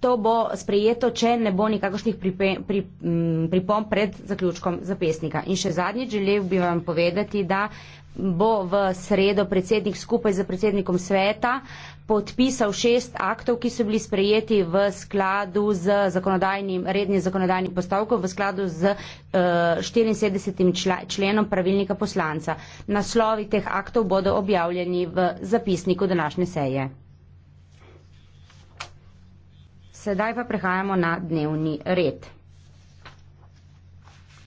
to bo sprejeto, če ne bo nikakšnih pripomb pred zaključkom zapisnika. In še zadnji želel bi vam povedati, da bo v sredo predsednik skupaj z predsednikom sveta podpisal šest aktov, ki so bili sprejeti v skladu z zakonodajnim, rednim zakonodajnim postavkom, v skladu z uh, eh, 74. členom pravilnika poslanca. Naslovi teh aktov bodo objavljeni v zapisniku današnje seje. Sedaj pa prehajamo na dnevni red.